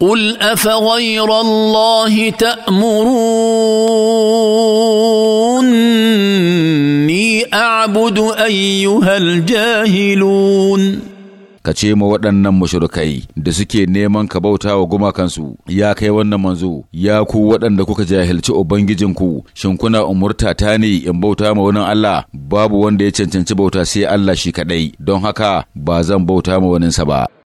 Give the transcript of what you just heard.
قل افغير الله تامروني اعبد ايها الجاهلون ka ce ma waɗannan mashirkai da suke neman ka bauta wa gumakansu ya kai wannan manzo ya ku waɗanda kuka jahilci ubangijinku shin kuna umurta ta ne in bauta ma wani Allah babu wanda ya cancanci bauta sai Allah shi kaɗai don haka ba zan bauta ma waninsa ba